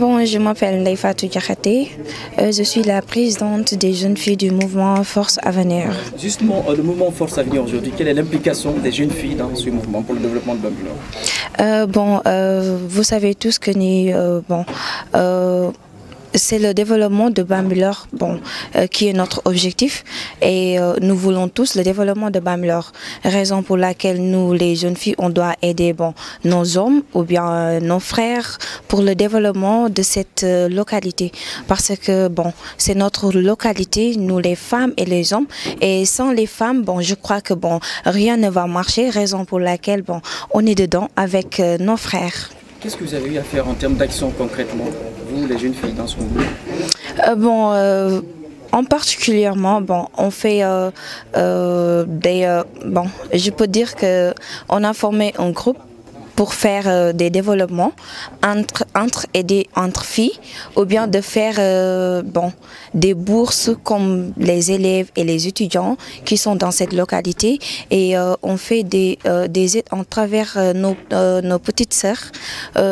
Bon, je m'appelle Leifa Toukarate. Euh, je suis la présidente des jeunes filles du mouvement Force Avenir. Justement, euh, le mouvement Force Avenir aujourd'hui, quelle est l'implication des jeunes filles dans ce mouvement pour le développement de Bambilor euh, Bon, vous savez tous que nous, bon, c'est le développement de Bambilor bon, euh, qui est notre objectif et euh, nous voulons tous le développement de Bambilor. Raison pour laquelle nous, les jeunes filles, on doit aider bon, nos hommes ou bien euh, nos frères pour le développement de cette localité. Parce que bon, c'est notre localité, nous les femmes et les hommes. Et sans les femmes, bon, je crois que bon, rien ne va marcher. Raison pour laquelle bon, on est dedans avec nos frères. Qu'est-ce que vous avez eu à faire en termes d'action concrètement les jeunes filles, dans son groupe euh, Bon, euh, en particulièrement, bon, on fait euh, des... bon, je peux dire qu'on a formé un groupe pour faire des développements entre, entre, et entre filles ou bien de faire bon, des bourses comme les élèves et les étudiants qui sont dans cette localité et on fait des, aides en travers nos, nos petites sœurs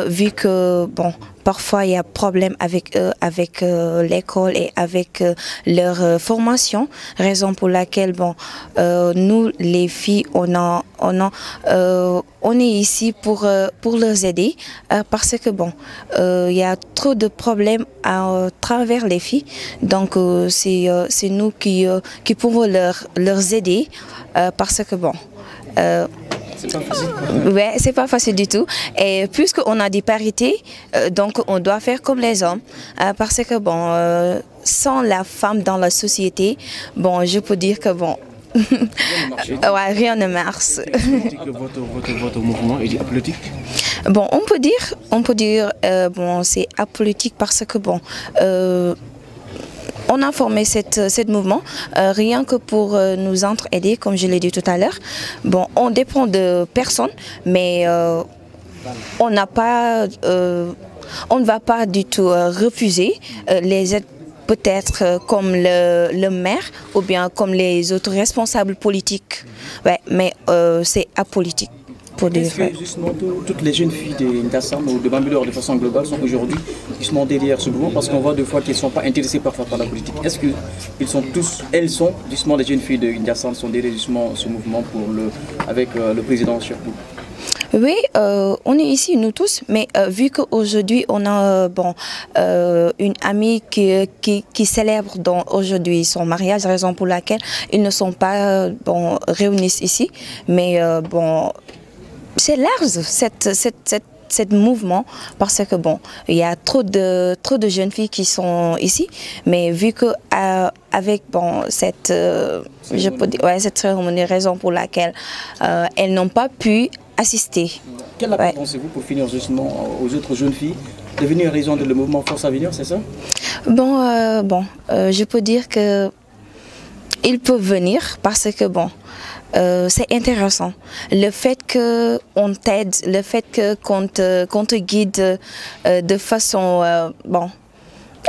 vu que bon, parfois il y a problème avec eux, avec euh, l'école et avec euh, leur euh, formation. Raison pour laquelle bon, nous les filles, on on on est ici pour pour leur aider parce que bon, il y a trop de problèmes à travers les filles. Donc c'est c'est nous qui qui pouvons leur leur aider parce que bon. C'est pas facile. c'est pas facile du tout. Et puisqu'on a des parités, euh, donc on doit faire comme les hommes. Euh, parce que, bon, euh, sans la femme dans la société, bon, je peux dire que, bon, ouais, rien ne marche. votre mouvement est apolitique Bon, on peut dire, on peut dire, bon, c'est apolitique parce que bon, on a formé cette, euh, cette mouvement euh, rien que pour euh, nous entre-aider, comme je l'ai dit tout à l'heure. Bon, on dépend de personne, mais on n'a pas, on ne va pas du tout refuser les aides peut-être comme le, le, maire ou bien comme les autres responsables politiques. Ouais, mais c'est apolitique toutes les jeunes filles de ou de Bambulor de façon globale sont aujourd'hui justement derrière ce mouvement parce qu'on voit des fois qu'elles ne sont pas intéressées parfois par la politique. Est-ce qu'elles sont tous, elles sont justement les jeunes filles de Ndassam sont derrière justement ce mouvement pour le, avec euh, le président surtout oui, euh, on est ici nous tous, mais euh, vu qu'aujourd'hui on a une amie qui, qui, célèbre aujourd'hui son mariage, raison pour laquelle ils ne sont pas bon réunis ici, mais bon c'est large, cette, mouvement parce que bon, il y a trop de trop de jeunes filles qui sont ici, mais vu que euh, avec bon cette euh, je peux dire ouais, cette cérémonie raison pour laquelle euh, elles n'ont pas pu assister. Quelle appel pensez-vous pour finir justement aux autres jeunes filles devenir raison de le mouvement Force à venir, c'est ça Bon bon, je peux dire que ils peuvent venir parce que bon euh, c'est intéressant. Le fait qu'on t'aide, le fait qu'on te, te, guide euh, de façon... Euh, bon,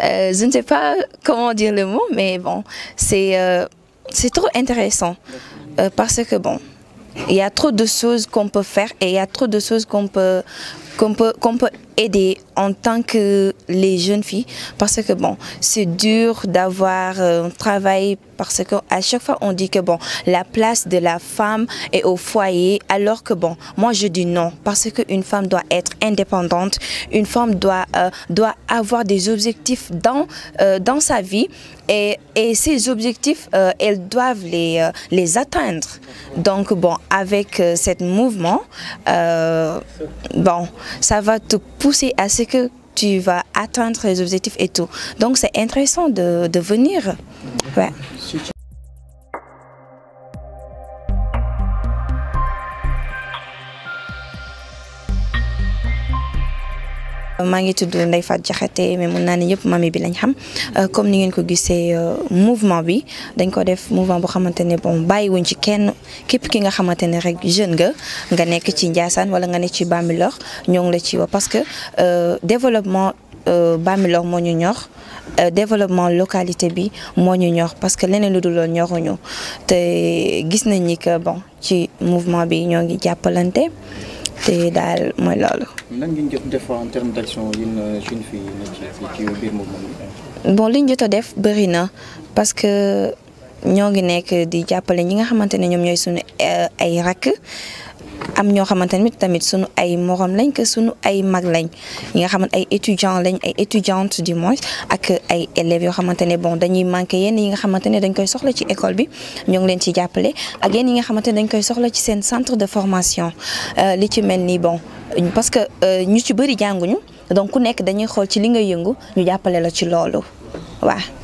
je ne sais pas comment dire le mot, mais bon, c'est trop intéressant. parce que bon, il y a trop de choses qu'on peut faire et il y a trop de choses qu'on peut, qu'on peut, qu'on peut aider en tant que les jeunes filles parce que bon c'est dur d'avoir euh, un travail parce que à chaque fois on dit que bon la place de la femme est au foyer alors que bon moi je dis non parce qu'une femme doit être indépendante une femme doit euh, doit avoir des objectifs dans euh, dans sa vie et, et ces objectifs elles doivent les les atteindre donc bon avec cette mouvement bon ça va te pousser à ce que tu vas atteindre les objectifs et tout. Donc c'est intéressant de, venir. Ouais. maa ngi tudd Ndeye Fatou Diakhaté mais mun naa ne ñëpp mami bi lañ xam euh, comme ni ngeen ko gisee euh, mouvement bi dañ ko def mouvement boo xamante ne bon bàyyiwuñ ci kenn képp ki nga xamante ne rek jeune nga nga nekk ci Ndiassane wala nga nekk ci Bambilor ñoo ngi la ci woo parce que euh, développement Bambilor moo ñu ñor développement localité bi moo ñu ñor parce que leneen lu dul loolu ñoruñu te gis nañ ni que bon ci mouvement bi ñoo ngi jàppalante. te daal mooy loolu. lan euh, bon li ñu a def bëri na parce que ñoo ngi nekk di jàppale ñi nga xamante ne ñoom ñooy suñu euh, ay rakk. am ñoo xamante ne tamit sunu ay morom lañ que sunu ay mag lañ yi nga xamante ay étudiants lañ ay étudiantes du moins ak ay élèves yoo xamante ne bon dañuy manqué yenn yi nga xamante ne dañ koy soxla ci école bi ñoo ngi leen ci jàppale ak yenn yi nga xamante ne dañ koy soxla ci seen centre de formation euh, li ci mel nii bon parce que euh, ñu ci bëri jànguñu donc ku nekk dañuy xool ci li nga yëngu ñu jàppale la ci loolu waaw.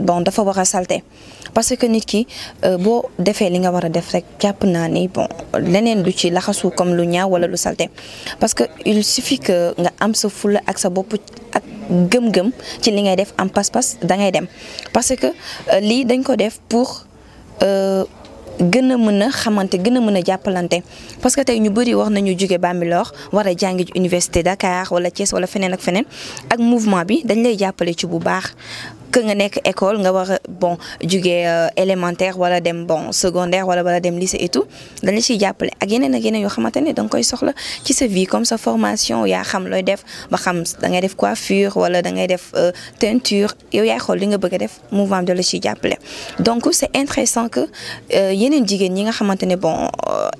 bon dafa war a salte parce que nit ki euh, boo defee li nga war a def rek jàpp naa ni bon leneen du ci laxasu comme lu ñaaw wala lu salte parce que il suffit que nga am sa fulla ak sa bopp ak gëm-gëm ci li ngay def am pas-pas da ngay dem parce que euh, lii dañ ko def pour euh, gën a mën a xamante gën a mën a jàppalante parce que tey ñu bëri wax nañu jóge Bambilor war a jàngi université Dakar wala Thiès wala feneen ak feneen ak mouvement bi dañ lay jàppale ci bu baax nga école nga wax bon jugee euh, élémentaire wala dem bon secondaire wala wala dem lycée et tout dañ ci jappalé ak yenen ak yenen yo xamante dang qui se koy soxla ci sa vie comme sa formation ya xam loy def ba xam da ngay def coiffure wala da ngay def euh, teinture yow yaay xol li nga bëgg def mouvement de la ci jappalé donc c'est intéressant que euh, yenen jigéen yi nga xamante bon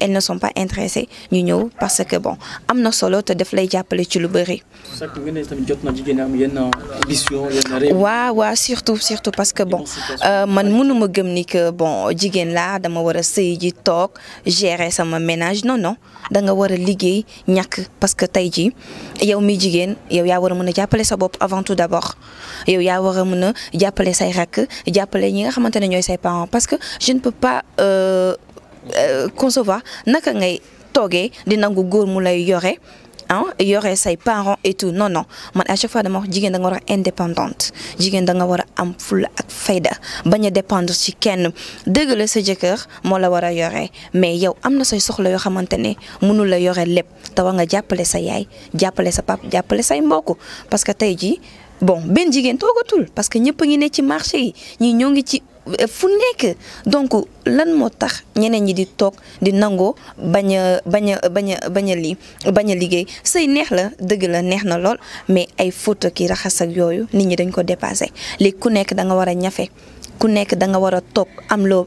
elles ne sont pas intéressées ñu ñëw parce que bon am solo te def lay tu ci lu bëri. wa wa surtout surtout parce que bon euh, man munu ma gëm ni que bon jigen la dama wara sey ji tok gérer sama ménage non non da nga wara a ñak parce que tay ji yow mi jigen yow ya wara mëna jappalé sa bop avant tout d'abord yow ya wara mëna jappalé say rak jappalé ñi nga xamantene ñoy say parents parce que je ne peux pas euh, euh concevoir naka ngay toogee di nangu goor mu lay yoré Hein? y aurait ses parents et tout non non mais à chaque fois suis wax Je da nga Je indépendante Je suis nga Je suis am Je suis fayda Je suis dépendre Je suis Je suis indépendante. Je suis indépendante. Je suis mais Je suis Je suis indépendante. Je suis Je suis indépendante. Je suis nga Je suis indépendante. Je suis pap Je suis parce que indépendante. Je bon indépendante. Je suis parce que marché fu nekk donc lan moo tax ñeneen ñi di toog di nangoo bañ a bañ bañ bañ a lii bañ a liggéey sëy neex la dëgg la neex na lool mais ay photo ki raxas yooyu nit ñi dañ ko dépassé léegi ku nekk da nga war a ñafe ku nekk da nga war a toog am loo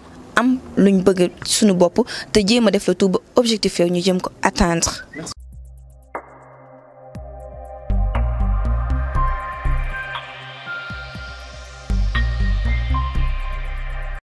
am lu ñu bëgg sunu bopp te jéem a def la tout ba objectif yow ñu jëm ko atteindre.